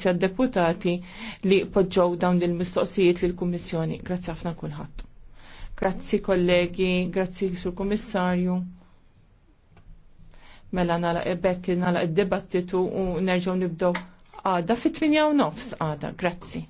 Grazie deputati li podġow dawn il-mistoqsijiet lill kummissjoni Grazie ħafna kulħadd. Grazzi kollegi, grazzi sur Kommissarju. Mela nala ebbek nala id-debattitu u nerġgħu nibdew għada fit-8 nofs għada. Grazzi.